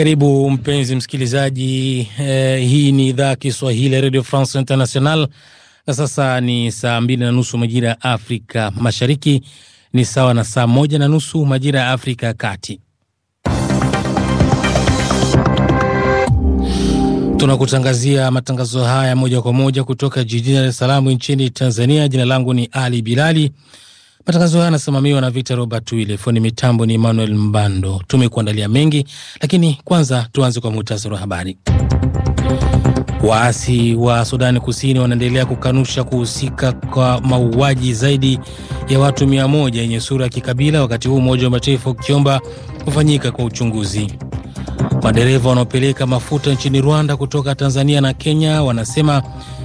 Karibu mpenzi msikilizaji eh, hii ni idhaa Kiswahili ya Radio France International na sasa ni saa mbili na nusu majira ya Afrika Mashariki, ni sawa na saa moja na nusu majira ya Afrika ya Kati. Tunakutangazia matangazo haya moja kwa moja kutoka jijini Dar es Salaam nchini Tanzania. Jina langu ni Ali Bilali Matangazo haya yanasimamiwa na Vita Robert Wille, fundi mitambo ni Emmanuel Mbando. Tumekuandalia mengi, lakini kwanza tuanze kwa muhtasari wa habari. Waasi wa Sudani Kusini wanaendelea kukanusha kuhusika kwa mauaji zaidi ya watu mia moja yenye sura ya kikabila, wakati huu Umoja wa Mataifa ukiomba kufanyika kwa uchunguzi. Madereva wanaopeleka mafuta nchini Rwanda kutoka Tanzania na Kenya wanasema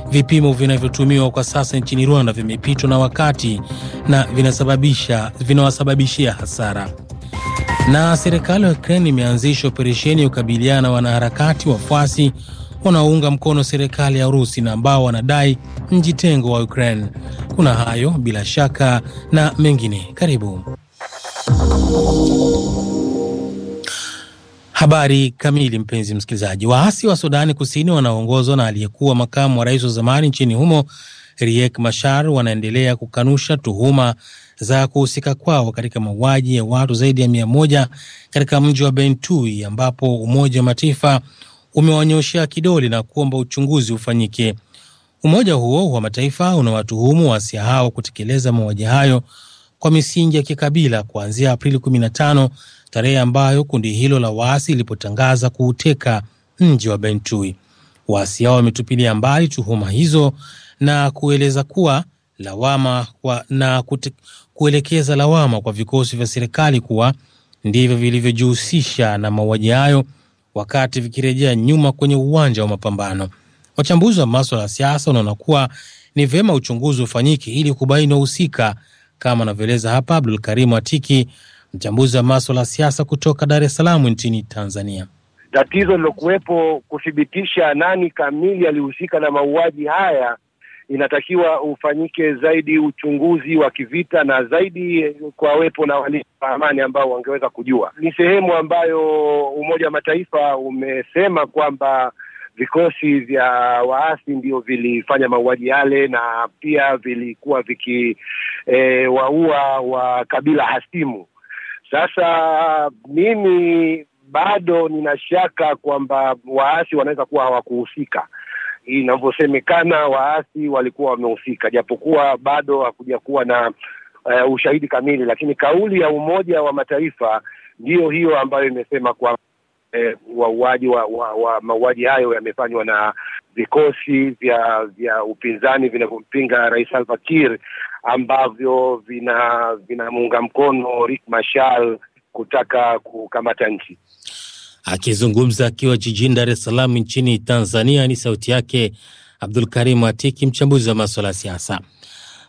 Vipimo vinavyotumiwa kwa sasa nchini Rwanda vimepitwa na wakati na vinasababisha vinawasababishia hasara. Na serikali ya Ukraine imeanzisha operesheni ya kukabiliana na wanaharakati wafuasi wanaounga mkono serikali ya Urusi na ambao wanadai mjitengo wa Ukraine. Kuna hayo bila shaka na mengine, karibu Habari kamili, mpenzi msikilizaji. Waasi wa Sudani Kusini wanaoongozwa na aliyekuwa makamu wa rais wa zamani nchini humo Riek Machar wanaendelea kukanusha tuhuma za kuhusika kwao katika mauaji ya watu zaidi ya mia moja katika mji wa Bentui ambapo Umoja wa Mataifa umewanyoshea kidole na kuomba uchunguzi ufanyike. Umoja huo wa Mataifa unawatuhumu waasi hao kutekeleza mauaji hayo kwa misingi ya kikabila kuanzia Aprili 15 tarehe ambayo kundi hilo la waasi lilipotangaza kuuteka mji wa Bentui. Waasi hao wametupilia mbali tuhuma hizo na kueleza kuwa lawama kwa, na kute, kuelekeza lawama kwa vikosi vya serikali kuwa ndivyo vilivyojihusisha na mauaji hayo wakati vikirejea nyuma kwenye uwanja wa mapambano. Wachambuzi wa maswala ya siasa wanaona kuwa ni vyema uchunguzi ufanyike ili kubaini wahusika, kama anavyoeleza hapa Abdul Karimu Atiki mchambuzi wa maswala ya siasa kutoka Dar es Salaam nchini Tanzania. Tatizo lilokuwepo kuthibitisha nani kamili alihusika na mauaji haya, inatakiwa ufanyike zaidi uchunguzi wa kivita na zaidi kwawepo na walinzi wa amani ambao wangeweza kujua. Ni sehemu ambayo Umoja wa Mataifa umesema kwamba vikosi vya waasi ndio vilifanya mauaji yale na pia vilikuwa vikiwaua eh, e, wa kabila hasimu. Sasa mimi bado nina shaka kwamba waasi wanaweza kuwa hawakuhusika inavyosemekana waasi walikuwa wamehusika, japokuwa bado hakuja kuwa na uh, ushahidi kamili, lakini kauli ya Umoja wa Mataifa ndiyo hiyo ambayo imesema kwa eh, wauaji wa, wa, wa mauaji hayo yamefanywa na vikosi vya vya upinzani vinavyompinga Rais Salva Kiir ambavyo vina vinamuunga mkono Rick Marshall kutaka kukamata nchi. Akizungumza akiwa jijini Dar es Salaam nchini Tanzania, ni sauti yake Abdul Karim Atiki, mchambuzi wa maswala ya siasa.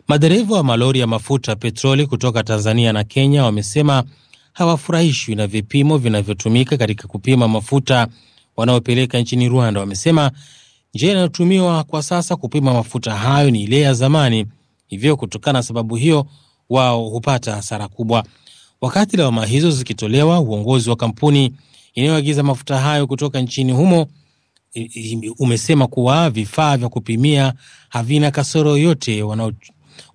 Madereva wa malori ya mafuta petroli kutoka Tanzania na Kenya wamesema hawafurahishwi na vipimo vinavyotumika katika kupima mafuta wanaopeleka nchini Rwanda. Wamesema njia inayotumiwa kwa sasa kupima mafuta hayo ni ile ya zamani hivyo kutokana na sababu hiyo wao hupata hasara kubwa. Wakati lawama hizo zikitolewa, uongozi wa kampuni inayoagiza mafuta hayo kutoka nchini humo umesema kuwa vifaa vya kupimia havina kasoro yoyote.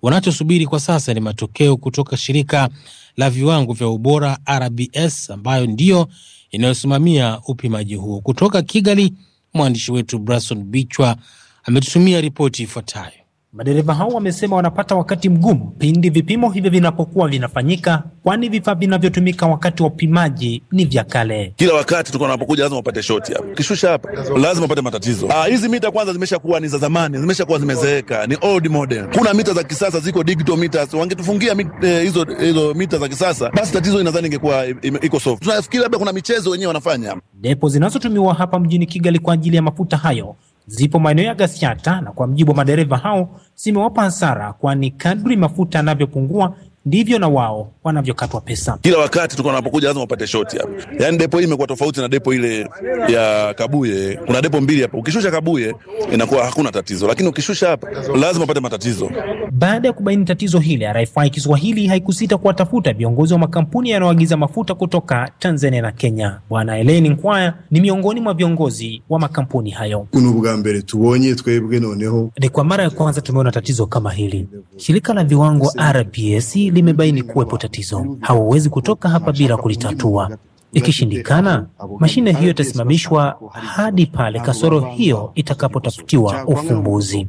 Wanachosubiri kwa sasa ni matokeo kutoka shirika la viwango vya ubora RBS, ambayo ndiyo inayosimamia upimaji huo. Kutoka Kigali, mwandishi wetu Brason Bichwa ametutumia ripoti ifuatayo. Madereva hao wamesema wanapata wakati mgumu pindi vipimo hivyo vinapokuwa vinafanyika, kwani vifaa vinavyotumika wakati wa upimaji ni vya kale. Kila wakati tulikuwa unapokuja lazima upate shoti hapa, kishusha hapa lazima upate matatizo. Ah, hizi mita kwanza zimeshakuwa ni za zamani, zimeshakuwa zimezeeka, ni old model. Kuna mita za kisasa ziko digital meters. Wangetufungia eh, hizo eh, hizo mita za kisasa, basi tatizo inadhani ingekuwa eh, iko soft. Tunafikiri labda kuna michezo wenyewe wanafanya. Depo zinazotumiwa hapa mjini Kigali kwa ajili ya mafuta hayo zipo maeneo ya Gasiata, na kwa mjibu wa madereva hao zimewapa hasara, kwani kadri mafuta yanavyopungua ndivyo na wao wanavyokatwa pesa. Kila wakati tuko wanapokuja lazima upate shoti hapa. Yani depo hii imekuwa tofauti na depo ile ya Kabuye. Kuna depo mbili hapa. Ukishusha Kabuye inakuwa hakuna tatizo, lakini ukishusha hapa lazima upate matatizo. Baada ya kubaini tatizo hili, RFI Kiswahili haikusita kuwatafuta viongozi wa makampuni yanayoagiza mafuta kutoka Tanzania na Kenya. Bwana Eleni Nkwaya ni miongoni mwa viongozi wa makampuni hayo. kuna unubwa mbere tubonye twebwe noneho. Ni kwa mara ya kwanza tumeona tatizo kama hili. Shirika la viwango RPS limebaini kuwepo tatizo, hawawezi kutoka hapa bila kulitatua. Ikishindikana, mashine hiyo itasimamishwa hadi pale kasoro hiyo itakapotafutiwa ufumbuzi.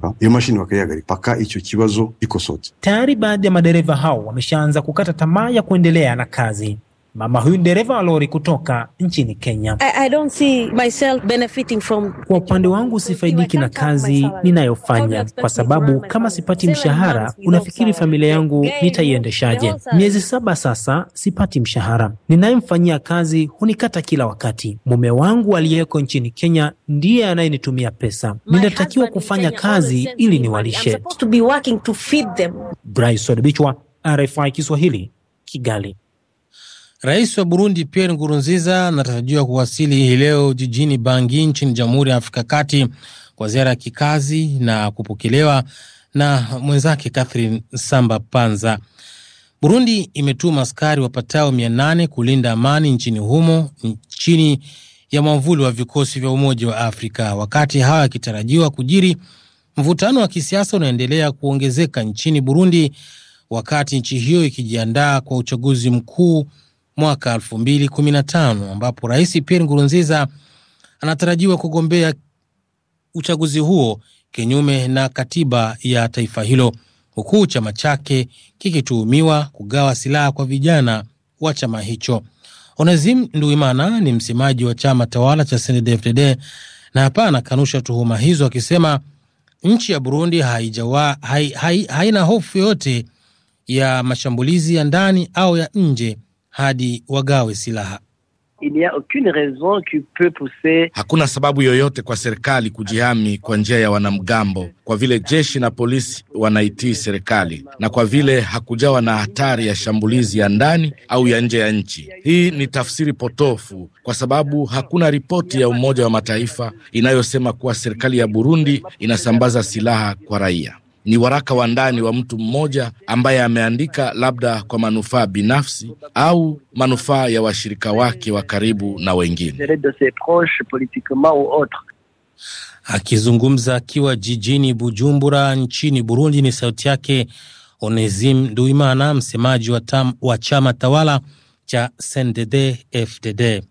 Tayari baadhi ya madereva hao wameshaanza kukata tamaa ya kuendelea na kazi mama huyu dereva wa lori kutoka nchini Kenya. I, I don't see myself benefiting from... Kwa upande wangu sifaidiki na kazi ninayofanya kwa sababu kama sipati mshahara, unafikiri familia yangu nitaiendeshaje? Miezi saba sasa sipati mshahara, ninayemfanyia kazi hunikata kila wakati. Mume wangu aliyeko nchini Kenya ndiye anayenitumia pesa, ninatakiwa kufanya kazi ili niwalishe. RFI Kiswahili, Kigali. Rais wa Burundi Pierre Nkurunziza anatarajiwa kuwasili hii leo jijini Bangi nchini Jamhuri ya Afrika Kati kwa ziara ya kikazi na kupokelewa na mwenzake Catherine Samba Panza. Burundi imetuma askari wapatao mia nane kulinda amani nchini humo chini ya mwamvuli wa vikosi vya Umoja wa Afrika. Wakati hawa yakitarajiwa kujiri, mvutano wa kisiasa unaendelea kuongezeka nchini Burundi, wakati nchi hiyo ikijiandaa kwa uchaguzi mkuu mwaka 2015 ambapo Rais Pierre Nkurunziza anatarajiwa kugombea uchaguzi huo kinyume na katiba ya taifa hilo, huku chama chake kikituhumiwa kugawa silaha kwa vijana wa chama hicho. Onezim Nduimana ni msemaji wa chama tawala cha CNDD-FDD na hapa anakanusha tuhuma hizo akisema nchi ya Burundi haijawa, hai, hai, haina hofu yoyote ya mashambulizi ya ndani au ya nje hadi wagawe silaha. Hakuna sababu yoyote kwa serikali kujihami kwa njia ya wanamgambo, kwa vile jeshi na polisi wanaitii serikali na kwa vile hakujawa na hatari ya shambulizi ya ndani au ya nje ya nchi. Hii ni tafsiri potofu, kwa sababu hakuna ripoti ya Umoja wa Mataifa inayosema kuwa serikali ya Burundi inasambaza silaha kwa raia ni waraka wa ndani wa mtu mmoja ambaye ameandika labda kwa manufaa binafsi au manufaa ya washirika wake wa karibu na wengine. Akizungumza akiwa jijini Bujumbura nchini Burundi, ni sauti yake onesim Nduimana, msemaji wa, wa chama tawala cha CNDD-FDD.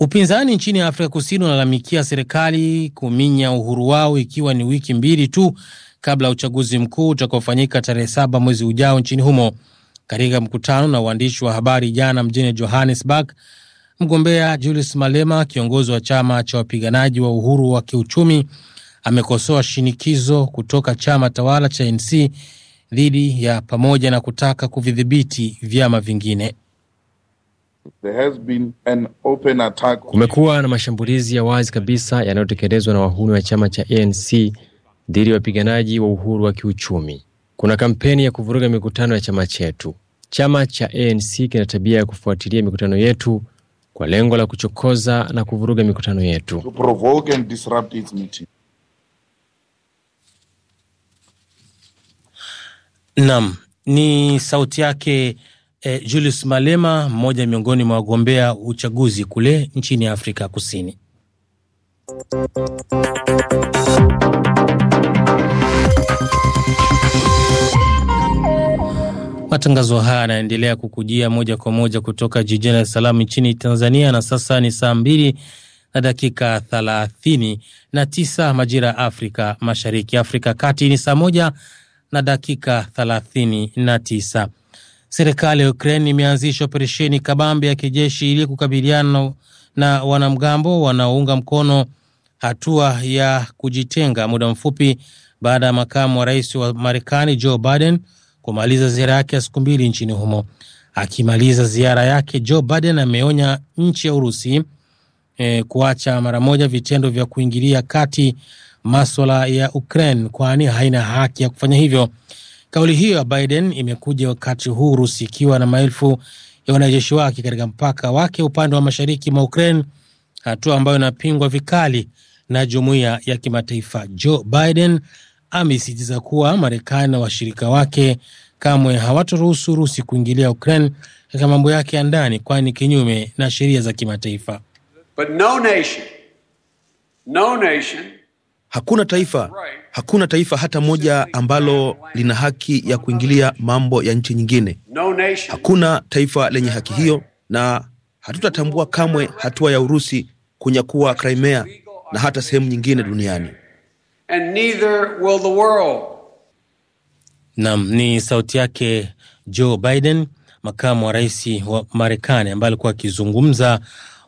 Upinzani nchini Afrika Kusini unalalamikia serikali kuminya uhuru wao ikiwa ni wiki mbili tu kabla ya uchaguzi mkuu utakaofanyika tarehe saba mwezi ujao nchini humo. Katika mkutano na waandishi wa habari jana mjini Johannesburg, mgombea Julius Malema, kiongozi wa chama cha wapiganaji wa uhuru wa kiuchumi, amekosoa shinikizo kutoka chama tawala cha nc dhidi ya pamoja na kutaka kuvidhibiti vyama vingine. Kumekuwa na mashambulizi ya wazi kabisa yanayotekelezwa na wahuni wa chama cha ANC dhidi ya wapiganaji wa uhuru wa kiuchumi. Kuna kampeni ya kuvuruga mikutano ya chama chetu. Chama cha ANC kina tabia ya kufuatilia mikutano yetu kwa lengo la kuchokoza na kuvuruga mikutano yetu. Naam, ni sauti yake E, Julius Malema, mmoja miongoni mwa wagombea uchaguzi kule nchini Afrika Kusini. Matangazo haya yanaendelea kukujia moja kwa moja kutoka jijini Dar es Salaam nchini Tanzania, na sasa ni saa mbili na dakika thelathini na tisa majira ya Afrika Mashariki. Afrika Kati ni saa moja na dakika thelathini na tisa. Serikali ya Ukraine imeanzisha operesheni kabambe ya kijeshi ili kukabiliana na wanamgambo wanaounga mkono hatua ya kujitenga, muda mfupi baada ya makamu wa rais wa Marekani Joe Biden kumaliza ziara yake ya siku mbili nchini humo. Akimaliza ziara yake, Joe Biden ameonya nchi ya Urusi e, kuacha mara moja vitendo vya kuingilia kati maswala ya Ukraine, kwani haina haki ya kufanya hivyo. Kauli hiyo ya Biden imekuja wakati huu Urusi ikiwa na maelfu ya wanajeshi wake katika mpaka wake upande wa mashariki mwa Ukraine, hatua ambayo inapingwa vikali na jumuiya ya kimataifa. Joe Biden amesisitiza kuwa Marekani na washirika wake kamwe hawatoruhusu Urusi kuingilia Ukraine katika mambo yake ya ndani, kwani kinyume na sheria za kimataifa. But no nation, no nation Hakuna taifa, hakuna taifa hata moja ambalo lina haki ya kuingilia mambo ya nchi nyingine. Hakuna taifa lenye haki hiyo, na hatutatambua kamwe hatua ya Urusi kunyakua Crimea na hata sehemu nyingine duniani. Naam, ni sauti yake Joe Biden, makamu wa rais wa Marekani, ambaye alikuwa akizungumza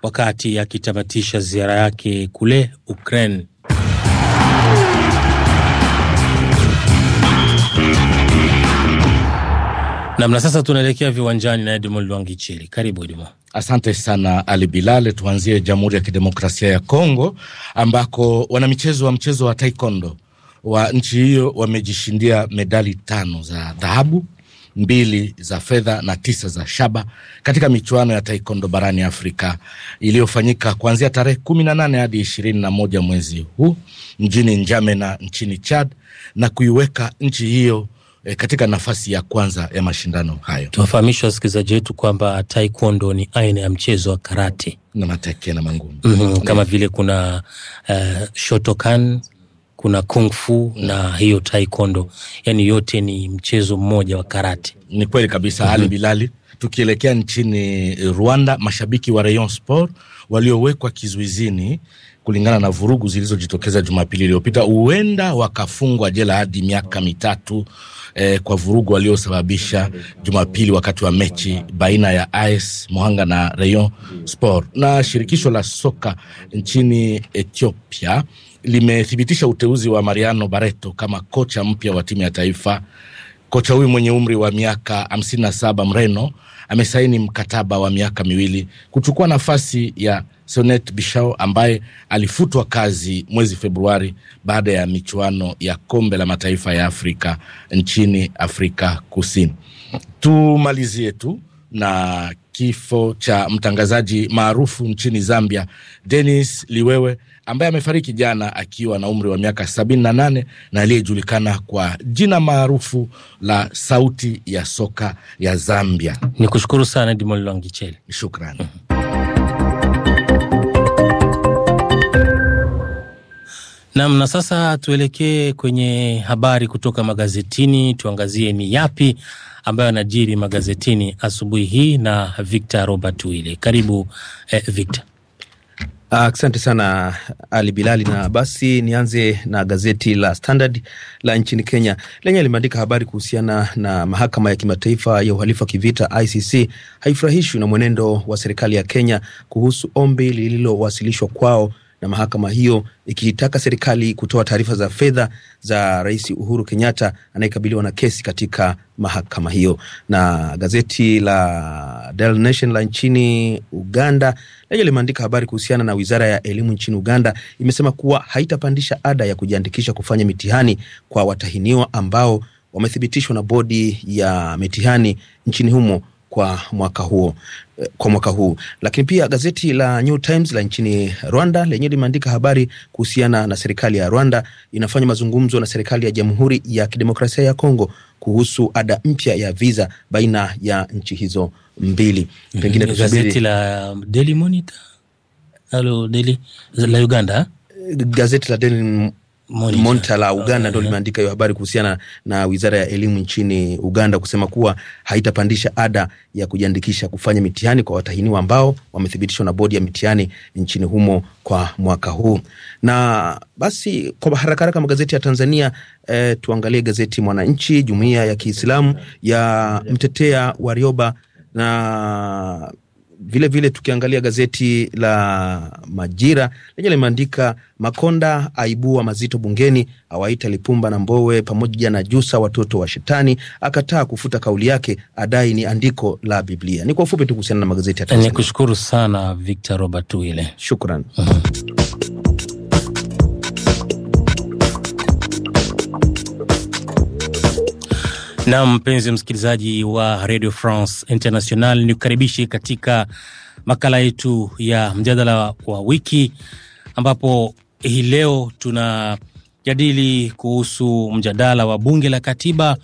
wakati akitamatisha ziara yake kule Ukraine. namna. Sasa tunaelekea viwanjani na Edmond Lwangicheli, karibu Edmond. Asante sana Ali Bilale. Tuanzie Jamhuri ya Kidemokrasia ya Kongo ambako wanamichezo wa mchezo wa taekwondo wa nchi hiyo wamejishindia medali tano za dhahabu, mbili za fedha na tisa za shaba katika michuano ya taekwondo barani Afrika iliyofanyika kuanzia tarehe kumi na nane hadi ishirini na moja mwezi huu mjini Njamena nchini Chad na kuiweka nchi hiyo e, katika nafasi ya kwanza ya mashindano hayo. Tuwafahamishe wasikilizaji wetu kwamba taekwondo ni aina ya mchezo wa karate na mateke na mangumi mm -hmm. kama vile kuna uh, eh, shotokan kuna kung fu na hiyo taekwondo, yani yote ni mchezo mmoja wa karate. Ni kweli kabisa mm -hmm. Ali mhm. Bilali, tukielekea nchini Rwanda, mashabiki wa Rayon Sport waliowekwa kizuizini kulingana na vurugu zilizojitokeza Jumapili iliyopita, huenda wakafungwa jela hadi miaka mitatu eh, kwa vurugu waliosababisha Jumapili wakati wa mechi baina ya AS Mohanga na Rayon Sport. Na shirikisho la soka nchini Ethiopia limethibitisha uteuzi wa Mariano Barreto kama kocha mpya wa timu ya taifa. Kocha huyu mwenye umri wa miaka 57 mreno amesaini mkataba wa miaka miwili kuchukua nafasi ya Sonet Bishao ambaye alifutwa kazi mwezi Februari baada ya michuano ya kombe la mataifa ya Afrika nchini Afrika Kusini. Tumalizie tu na kifo cha mtangazaji maarufu nchini Zambia denis Liwewe ambaye amefariki jana akiwa na umri wa miaka 78 na aliyejulikana kwa jina maarufu la sauti ya soka ya Zambia. Ni kushukuru sana Dimoli Lwangicheli, shukrani. Mhm. Nam, na sasa tuelekee kwenye habari kutoka magazetini. Tuangazie ni yapi ambayo anajiri magazetini asubuhi hii na Victor Robert Wile. Karibu eh, Victor. Ah, asante sana Ali Bilali, na basi nianze na gazeti la Standard la nchini Kenya lenye limeandika habari kuhusiana na mahakama ya kimataifa ya uhalifu wa kivita ICC haifurahishwi na mwenendo wa serikali ya Kenya kuhusu ombi lililowasilishwa kwao na mahakama hiyo ikitaka serikali kutoa taarifa za fedha za Rais Uhuru Kenyatta anayekabiliwa na kesi katika mahakama hiyo. Na gazeti la Daily Nation la nchini Uganda lenye limeandika habari kuhusiana na wizara ya elimu nchini Uganda imesema kuwa haitapandisha ada ya kujiandikisha kufanya mitihani kwa watahiniwa ambao wamethibitishwa na bodi ya mitihani nchini humo kwa mwaka huo kwa mwaka huu. Lakini pia gazeti la New Times la nchini Rwanda lenyewe limeandika habari kuhusiana na serikali ya Rwanda inafanya mazungumzo na serikali ya Jamhuri ya Kidemokrasia ya Kongo kuhusu ada mpya ya visa baina ya nchi hizo mbili. Mhm. Pengine gazeti la Daily Monitor, halo Daily la Uganda, gazeti la Daily Monitor, Monitor la Uganda oh, ndio limeandika hiyo habari kuhusiana na Wizara ya Elimu nchini Uganda kusema kuwa haitapandisha ada ya kujiandikisha kufanya mitihani kwa watahiniwa ambao wamethibitishwa na bodi ya mitihani nchini humo kwa mwaka huu. Na basi kwa haraka haraka magazeti ya Tanzania eh, tuangalie gazeti Mwananchi. Jumuiya ya Kiislamu ya mtetea Warioba na vilevile vile tukiangalia gazeti la Majira lenye limeandika Makonda aibua mazito bungeni, awaita Lipumba na Mbowe pamoja na Jusa watoto wa Shetani, akataa kufuta kauli yake, adai ni andiko la Biblia. Ni kwa ufupi tu kuhusiana na magazeti ya Tanzania. Nikushukuru sana Victor Robert Wile, shukran. Mhm. Na mpenzi msikilizaji wa Radio France International, ni kukaribishi katika makala yetu ya mjadala wa wiki, ambapo hii leo tunajadili kuhusu mjadala wa bunge la katiba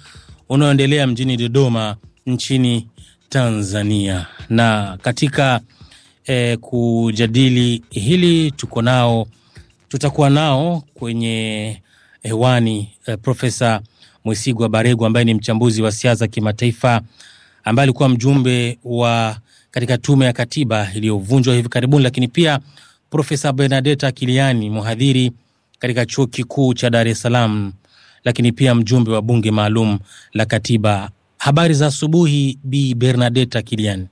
unaoendelea mjini Dodoma nchini Tanzania. Na katika eh, kujadili hili tuko nao, tutakuwa nao kwenye hewani eh, Profesa Mwesigwa Baregu ambaye ni mchambuzi wa siasa kimataifa ambaye alikuwa mjumbe wa katika tume ya katiba iliyovunjwa hivi karibuni, lakini pia Profesa Bernadeta Kiliani, mhadhiri katika chuo kikuu cha Dar es Salaam, lakini pia mjumbe wa bunge maalum la katiba. Habari za asubuhi, Bi Bernadeta Kiliani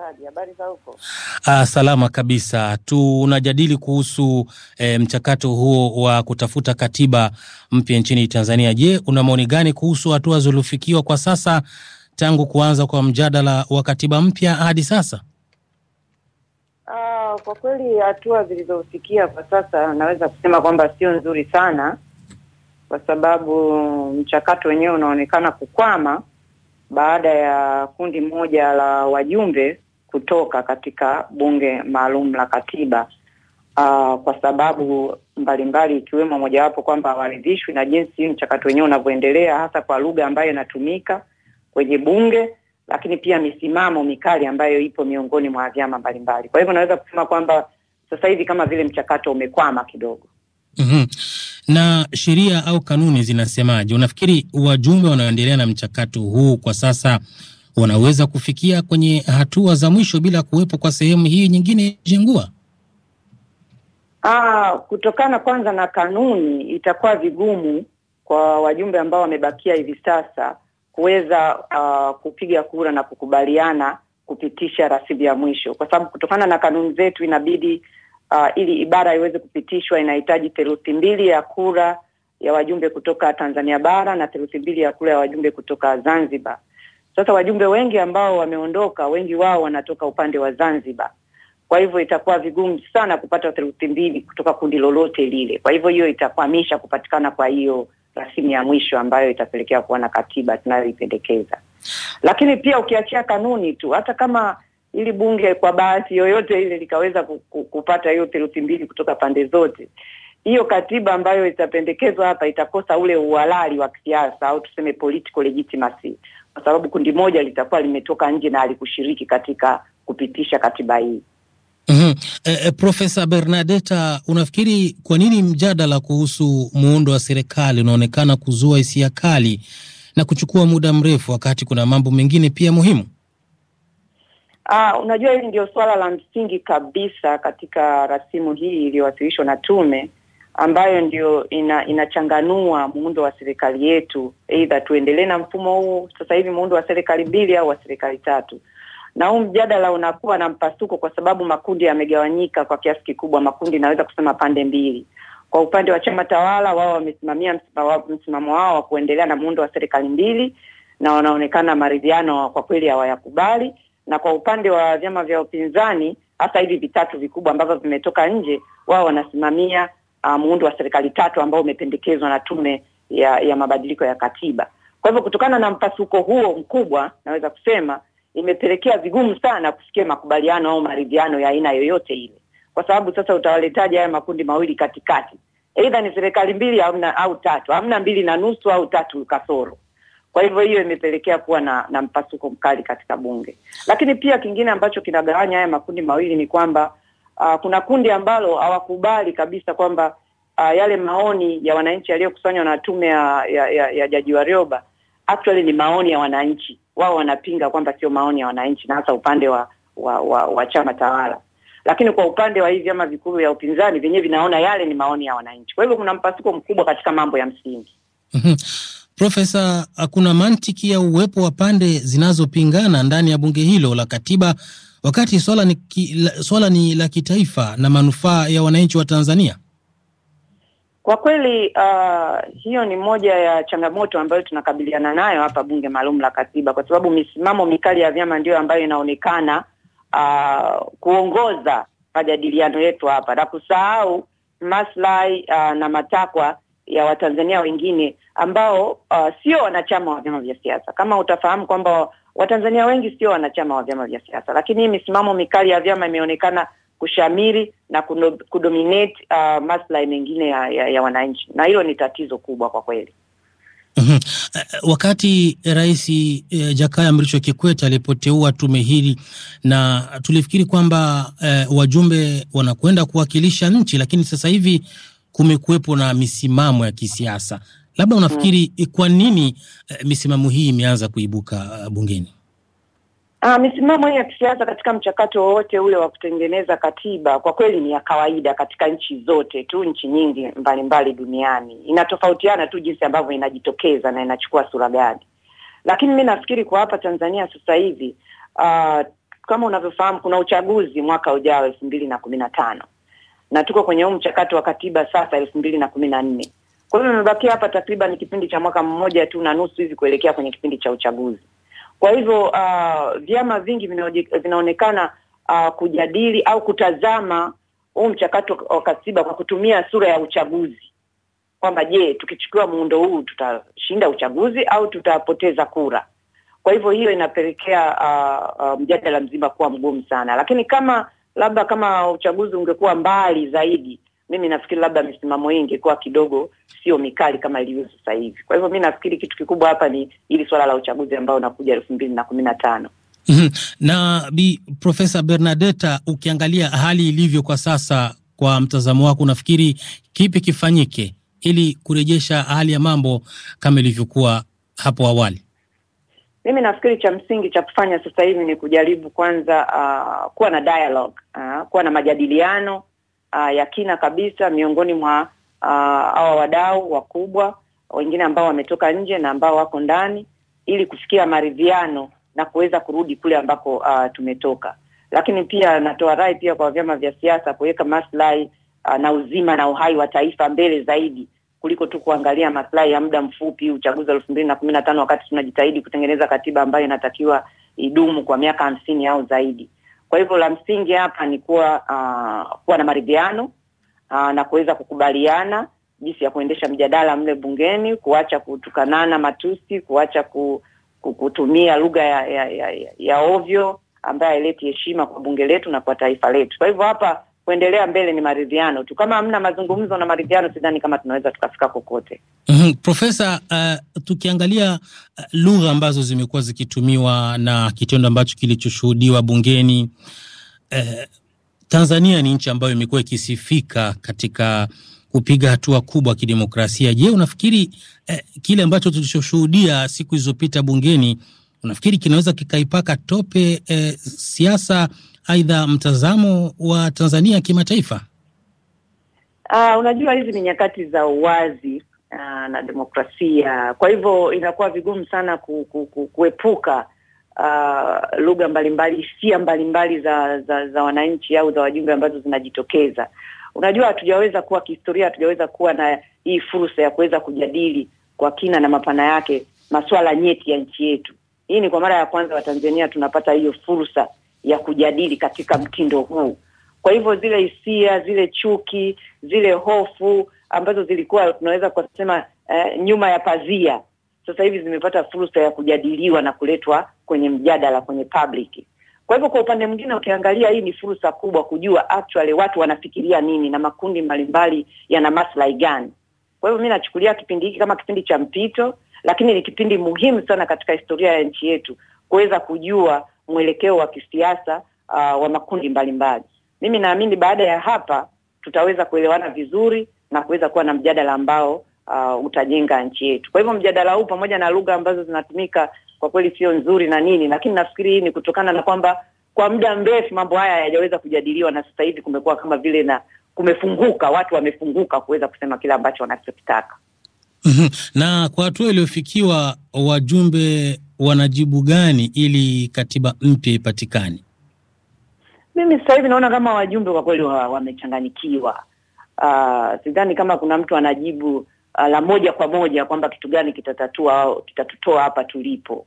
mtangazaji, habari za huko? Ah, salama kabisa. Tunajadili kuhusu eh, mchakato huo wa kutafuta katiba mpya nchini Tanzania. Je, una maoni gani kuhusu hatua zilizofikiwa kwa sasa tangu kuanza kwa mjadala wa katiba mpya hadi sasa? Ah, kwa kweli hatua zilizofikia kwa sasa naweza kusema kwamba sio nzuri sana kwa sababu mchakato wenyewe unaonekana kukwama baada ya kundi moja la wajumbe kutoka katika bunge maalum la katiba uh, kwa sababu mbalimbali ikiwemo mojawapo kwamba hawaridhishwi na jinsi mchakato wenyewe unavyoendelea hasa kwa lugha ambayo inatumika kwenye bunge, lakini pia misimamo mikali ambayo ipo miongoni mwa vyama mbalimbali. Kwa hivyo naweza kusema kwamba sasa hivi kama vile mchakato umekwama kidogo. mm -hmm. Na sheria au kanuni zinasemaje? Unafikiri wajumbe wanaoendelea na mchakato huu kwa sasa wanaweza kufikia kwenye hatua za mwisho bila kuwepo kwa sehemu hii nyingine jengua? Aa, ah, kutokana kwanza na kanuni, itakuwa vigumu kwa wajumbe ambao wamebakia hivi sasa kuweza uh, kupiga kura na kukubaliana kupitisha rasimu ya mwisho, kwa sababu kutokana na kanuni zetu inabidi uh, ili ibara iweze kupitishwa inahitaji theluthi mbili ya kura ya wajumbe kutoka Tanzania bara na theluthi mbili ya kura ya wajumbe kutoka Zanzibar. Sasa wajumbe wengi ambao wameondoka, wengi wao wanatoka upande wa Zanzibar, kwa hivyo itakuwa vigumu sana kupata theluthi mbili kutoka kundi lolote lile. Kwa hivyo hiyo itakwamisha kupatikana kwa hiyo rasimu ya mwisho ambayo itapelekea kuwa na katiba tunayoipendekeza. Lakini pia ukiachia kanuni tu, hata kama ili bunge kwa bahati yoyote ile likaweza kupata hiyo theluthi mbili kutoka pande zote, hiyo katiba ambayo itapendekezwa hapa itakosa ule uhalali wa kisiasa au tuseme political legitimacy, kwa sababu kundi moja litakuwa limetoka nje na alikushiriki katika kupitisha katiba hii. mm -hmm. E, e, Profesa Bernadeta, unafikiri kwa nini mjadala kuhusu muundo wa serikali unaonekana kuzua hisia kali na kuchukua muda mrefu wakati kuna mambo mengine pia muhimu? Ah, unajua hili ndio suala la msingi kabisa katika rasimu hii iliyowasilishwa na tume ambayo ndio ina, inachanganua muundo wa serikali yetu, aidha tuendelee na mfumo huu sasa hivi muundo wa serikali mbili au wa serikali tatu. Na huu mjadala unakuwa na mpasuko kwa sababu makundi yamegawanyika kwa kiasi kikubwa. Makundi naweza kusema pande mbili. Kwa upande wa chama tawala, wao wamesimamia msimamo wao wa kuendelea na muundo wa serikali mbili na wanaonekana maridhiano kwa kweli hawayakubali, na kwa upande wa vyama vya upinzani hasa hivi vitatu vikubwa ambavyo vimetoka nje, wao wanasimamia uh, muundo wa serikali tatu ambao umependekezwa na tume ya ya mabadiliko ya katiba. Kwa hivyo kutokana na mpasuko huo mkubwa, naweza kusema imepelekea vigumu sana kufikia makubaliano au maridhiano ya aina yoyote ile, kwa sababu sasa utawaletaje haya makundi mawili katikati? Aidha ni serikali mbili amna, au tatu, hamna mbili na nusu au tatu kasoro. Kwa hivyo hiyo imepelekea kuwa na, na mpasuko mkali katika bunge. Lakini pia kingine ambacho kinagawanya haya makundi mawili ni kwamba Uh, kuna kundi ambalo hawakubali kabisa kwamba uh, yale maoni ya wananchi yaliyokusanywa na tume ya, ya, ya, ya Jaji Warioba actually ni maoni ya wananchi. Wao wanapinga kwamba sio maoni ya wananchi, na hasa upande wa wa, wa, wa chama tawala, lakini kwa upande wa hivi vyama vikuu vya upinzani vyenyewe vinaona yale ni maoni ya wananchi. Kwa hivyo kuna mpasuko mkubwa katika mambo ya msingi. Mhm. Profesa, kuna mantiki ya uwepo wa pande zinazopingana ndani ya bunge hilo la katiba wakati swala ni, ki, swala ni la kitaifa na manufaa ya wananchi wa Tanzania? Kwa kweli uh, hiyo ni moja ya changamoto ambayo tunakabiliana nayo hapa Bunge Maalum la Katiba, kwa sababu misimamo mikali ya vyama ndiyo ambayo inaonekana uh, kuongoza majadiliano yetu hapa na kusahau maslahi uh, na matakwa ya Watanzania wengine ambao uh, sio wanachama wa vyama vya siasa. Kama utafahamu kwamba Watanzania wengi sio wanachama wa vyama vya siasa, lakini hii misimamo mikali ya vyama imeonekana kushamiri na kudominate uh, maslahi mengine ya, ya, ya wananchi, na hilo ni tatizo kubwa kwa kweli. mm Wakati Rais eh, Jakaya Mrisho Kikwete alipoteua tume hili na tulifikiri kwamba eh, wajumbe wanakwenda kuwakilisha nchi, lakini sasa hivi kumekuwepo na misimamo ya kisiasa. Labda mm. unafikiri hmm. kwa nini uh, misimamo hii imeanza kuibuka uh, bungeni? Ah, misimamo hii ya kisiasa katika mchakato wowote ule wa kutengeneza katiba kwa kweli ni ya kawaida katika nchi zote tu, nchi nyingi mbalimbali mbali duniani. Inatofautiana tu jinsi ambavyo inajitokeza na inachukua sura gani, lakini mi nafikiri kwa hapa Tanzania sasa hivi uh, kama unavyofahamu kuna uchaguzi mwaka ujao elfu mbili na kumi na tano na tuko kwenye huu mchakato wa katiba sasa elfu mbili na kumi na nne kwa hiyo imebakia hapa takriban kipindi cha mwaka mmoja tu na nusu hivi kuelekea kwenye kipindi cha uchaguzi. Kwa hivyo uh, vyama vingi vinaonekana uh, kujadili au kutazama huu mchakato wa katiba kwa kutumia sura ya uchaguzi, kwamba je, tukichukua muundo huu tutashinda uchaguzi au tutapoteza kura? Kwa hivyo hiyo inapelekea uh, uh, mjadala mzima kuwa mgumu sana, lakini kama labda kama uchaguzi ungekuwa mbali zaidi mimi nafikiri labda misimamo hii ingekuwa kidogo sio mikali kama ilivyo sasa hivi. Kwa hivyo mi nafikiri kitu kikubwa hapa ni hili swala la uchaguzi ambao unakuja elfu mbili na kumi na tano mhm. na bi Profesa Bernadeta, ukiangalia hali ilivyo kwa sasa, kwa mtazamo wako, unafikiri kipi kifanyike ili kurejesha hali ya mambo kama ilivyokuwa hapo awali? Mimi nafikiri cha msingi cha kufanya sasa hivi ni kujaribu kwanza, uh, kuwa na dialogue, uh, kuwa na majadiliano uh, ya kina kabisa miongoni mwa ah, hawa awa wadau wakubwa wengine ambao wametoka nje na ambao wako ndani ili kufikia maridhiano na kuweza kurudi kule ambako uh, tumetoka. Lakini pia natoa rai pia kwa vyama vya siasa kuweka maslahi uh, na uzima na uhai wa taifa mbele zaidi kuliko tu kuangalia maslahi ya muda mfupi, uchaguzi wa elfu mbili na kumi na tano wakati tunajitahidi kutengeneza katiba ambayo inatakiwa idumu kwa miaka hamsini au zaidi. Kwa hivyo la msingi hapa ni kuwa uh, kuwa na maridhiano uh, na kuweza kukubaliana jinsi ya kuendesha mjadala mle bungeni, kuacha kutukanana matusi, kuacha kutumia lugha ya, ya, ya, ya ovyo ambayo haileti heshima kwa bunge letu na kwa taifa letu. Kwa hivyo hapa kuendelea mbele ni maridhiano tu. Kama hamna mazungumzo na maridhiano, sidhani kama tunaweza tukafika kokote. mm -hmm. Profesa, uh, tukiangalia uh, lugha ambazo zimekuwa zikitumiwa na kitendo ambacho kilichoshuhudiwa bungeni uh, Tanzania ni nchi ambayo imekuwa ikisifika katika kupiga hatua kubwa kidemokrasia. Je, unafikiri eh, kile ambacho tulichoshuhudia siku zilizopita bungeni unafikiri kinaweza kikaipaka tope eh, siasa aidha mtazamo wa Tanzania kimataifa? Uh, unajua hizi ni nyakati za uwazi uh, na demokrasia, kwa hivyo inakuwa vigumu sana ku, ku, ku, kuepuka uh, lugha mbalimbali, hisia mbalimbali za, za, za wananchi au za wajumbe ambazo zinajitokeza. Unajua, hatujaweza kuwa kihistoria, hatujaweza kuwa na hii fursa ya kuweza kujadili kwa kina na mapana yake masuala nyeti ya nchi yetu. Hii ni kwa mara ya kwanza Watanzania tunapata hiyo fursa ya kujadili katika mtindo huu. Kwa hivyo zile hisia, zile chuki, zile hofu ambazo zilikuwa tunaweza kusema eh, nyuma ya pazia, sasa hivi zimepata fursa ya kujadiliwa na kuletwa kwenye mjadala, kwenye public. Kwa hivyo, kwa upande mwingine, ukiangalia hii ni fursa kubwa kujua actually watu wanafikiria nini na makundi mbalimbali yana maslahi gani. Kwa hivyo, mimi nachukulia kipindi hiki kama kipindi cha mpito, lakini ni kipindi muhimu sana katika historia ya nchi yetu kuweza kujua mwelekeo wa kisiasa uh, wa makundi mbalimbali. Mimi naamini baada ya hapa tutaweza kuelewana vizuri na kuweza kuwa na mjadala ambao uh, utajenga nchi yetu. Kwa hivyo mjadala huu pamoja na lugha ambazo zinatumika kwa kweli sio nzuri na nini, lakini nafikiri hii ni kutokana na kwamba kwa muda mrefu mambo haya hayajaweza kujadiliwa, na sasa hivi kumekuwa kama vile na kumefunguka, watu wamefunguka kuweza kusema kile ambacho wanachokitaka. Mhm. na kwa hatua iliyofikiwa wajumbe wanajibu gani ili katiba mpya ipatikane? Mimi sasa hivi naona kama wajumbe kwa kweli wamechanganyikiwa. Uh, sidhani kama kuna mtu anajibu uh, la moja kwa moja kwamba kitu gani kitatatua au kitatutoa hapa tulipo.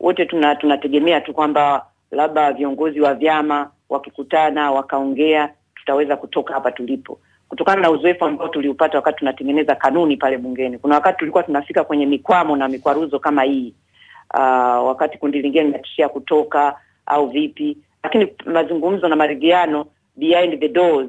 Wote tuna tunategemea tu kwamba labda viongozi wa vyama wakikutana wakaongea, tutaweza kutoka hapa tulipo, kutokana na uzoefu ambao tuliupata wakati tunatengeneza kanuni pale bungeni. Kuna wakati tulikuwa tunafika kwenye mikwamo na mikwaruzo kama hii, uh, wakati kundi lingine linatishia kutoka au vipi, lakini mazungumzo na maridhiano behind the doors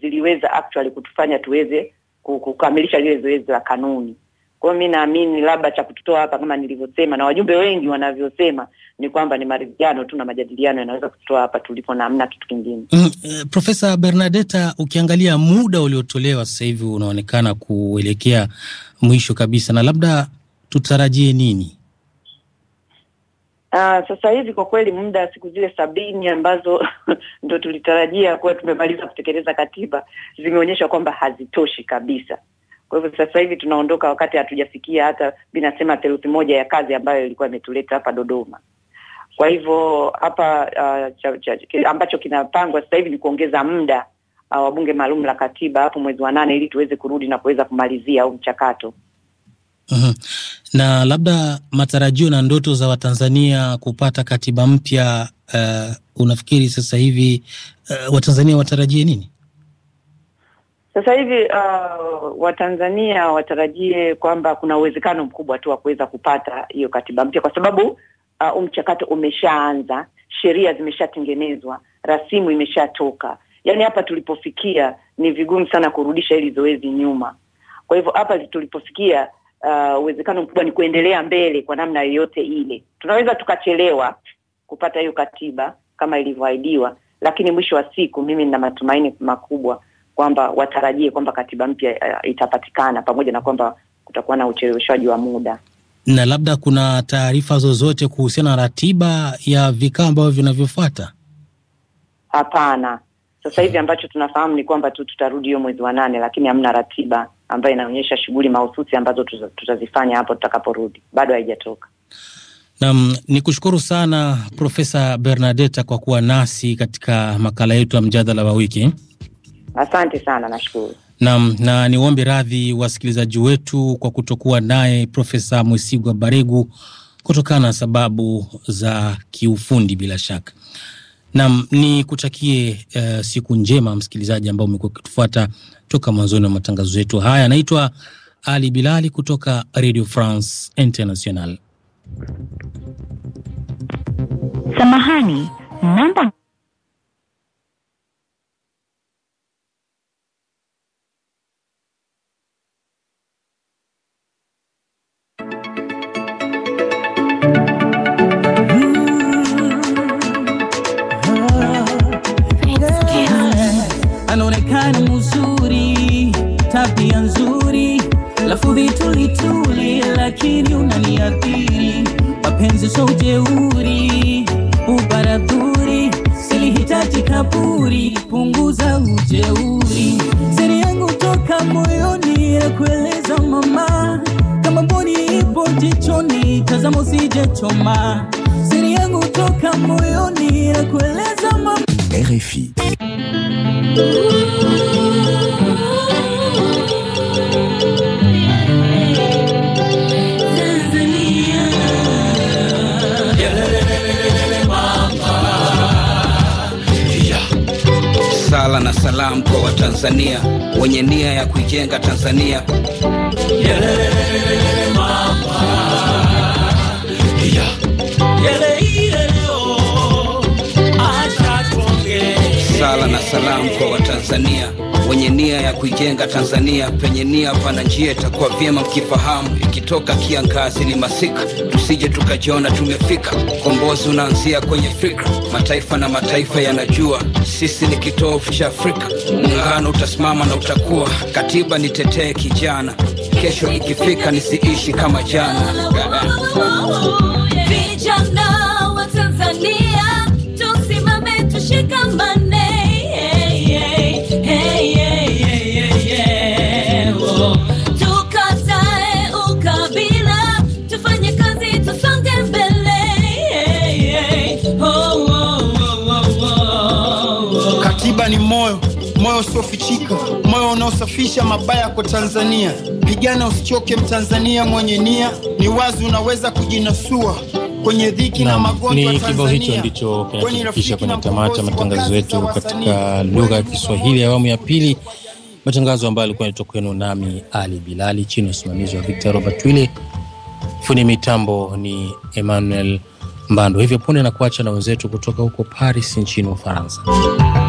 ziliweza actually kutufanya tuweze kukamilisha lile zoezi la kanuni. Kwa hiyo mi naamini labda cha kututoa hapa kama nilivyosema na wajumbe wengi wanavyosema ni kwamba ni maridhiano tu na majadiliano yanaweza kututoa hapa tulipo na amna kitu kingine. Mm, eh, Profesa Bernadetta, ukiangalia muda uliotolewa sasa hivi unaonekana kuelekea mwisho kabisa, na labda tutarajie nini? Uh, sasa hivi kwa kweli muda wa siku zile sabini ambazo ndo tulitarajia kuwa tumemaliza kutekeleza katiba zimeonyesha kwamba hazitoshi kabisa. Kwa hivyo sasa hivi tunaondoka wakati hatujafikia hata binasema theluthi moja ya kazi ambayo ilikuwa imetuleta hapa Dodoma. Kwa hivyo hapa uh, ambacho kinapangwa sasa hivi ni kuongeza muda uh, wa bunge maalum la katiba hapo mwezi wa nane ili tuweze kurudi na kuweza kumalizia huu mchakato. Mm-hmm. Na labda matarajio na ndoto za Watanzania kupata katiba mpya uh, unafikiri sasa hivi uh, Watanzania watarajie nini? Sasa hivi uh, Watanzania watarajie kwamba kuna uwezekano mkubwa tu wa kuweza kupata hiyo katiba mpya kwa sababu uh, umchakato umeshaanza, sheria zimeshatengenezwa, rasimu imeshatoka. Yaani hapa tulipofikia ni vigumu sana kurudisha hili zoezi nyuma. Kwa hivyo hapa tulipofikia Uh, uwezekano uh, mkubwa ni kuendelea mbele kwa namna yoyote ile. Tunaweza tukachelewa kupata hiyo katiba kama ilivyoahidiwa, lakini mwisho wa siku mimi nina matumaini makubwa kwamba watarajie kwamba katiba mpya uh, itapatikana pamoja na kwamba kutakuwa na ucheleweshaji wa muda. Na labda kuna taarifa zozote kuhusiana na ratiba ya vikao ambavyo vinavyofuata? Hapana, sasa hivi ambacho tunafahamu ni kwamba tu tutarudi hiyo mwezi wa nane, lakini hamna ratiba ambayo inaonyesha shughuli mahususi ambazo tutazifanya hapo tutakaporudi. Bado haijatoka. Nam ni kushukuru sana Profesa Bernadeta kwa kuwa nasi katika makala yetu ya mjadala wa wiki. Asante sana, nashukuru. Nam na niombe radhi wasikilizaji wetu kwa kutokuwa naye Profesa Mwesigwa Baregu kutokana na sababu za kiufundi bila shaka. Nam ni kutakie uh, siku njema msikilizaji ambao umekuwa ukitufuata toka mwanzoni wa matangazo yetu haya. anaitwa Ali Bilali kutoka Radio France International. Samahani, namba lafudhi vitulituli lakini unaniathiri. Mapenzi sio ujeuri, ubaradhuri, silihitaji kaburi, punguza ujeuri. Siri yangu toka moyoni ya kueleza mama, kama boni ipo jichoni, tazama usijechoma. Siri yangu toka moyoni ya kueleza mama. RFI. kadhaa wa Tanzania wenye nia ya kuijenga Tanzania yele mama sala na salamu kwa Watanzania wenye nia ya kuijenga Tanzania. Penye nia pana njia, itakuwa vyema mkifahamu. Ikitoka kiangazi ni masika, tusije tukajiona tumefika. Kombozi unaanzia kwenye fikra, mataifa na mataifa yanajua sisi ni kitovu cha Afrika. Muungano utasimama na utakuwa, katiba nitetee kijana, kesho ikifika nisiishi kama jana. Vijana wa Tanzania tusimame, tushikamane kusafisha mabaya kwa Tanzania. Pigana usichoke, Mtanzania mwenye nia, ni wazi unaweza kujinasua kwenye dhiki na, na magonjwa. Ni kibao hicho ndicho kinatufikisha kwenye tamata matangazo yetu katika lugha ya Kiswahili awamu ya pili, matangazo ambayo alikuwa anatoka kwenu nami Ali Bilali chini ya usimamizi wa Victor Robert Wille, fundi mitambo ni Emmanuel Mbando. Hivyo punde na kuacha na wenzetu kutoka huko Paris nchini Ufaransa.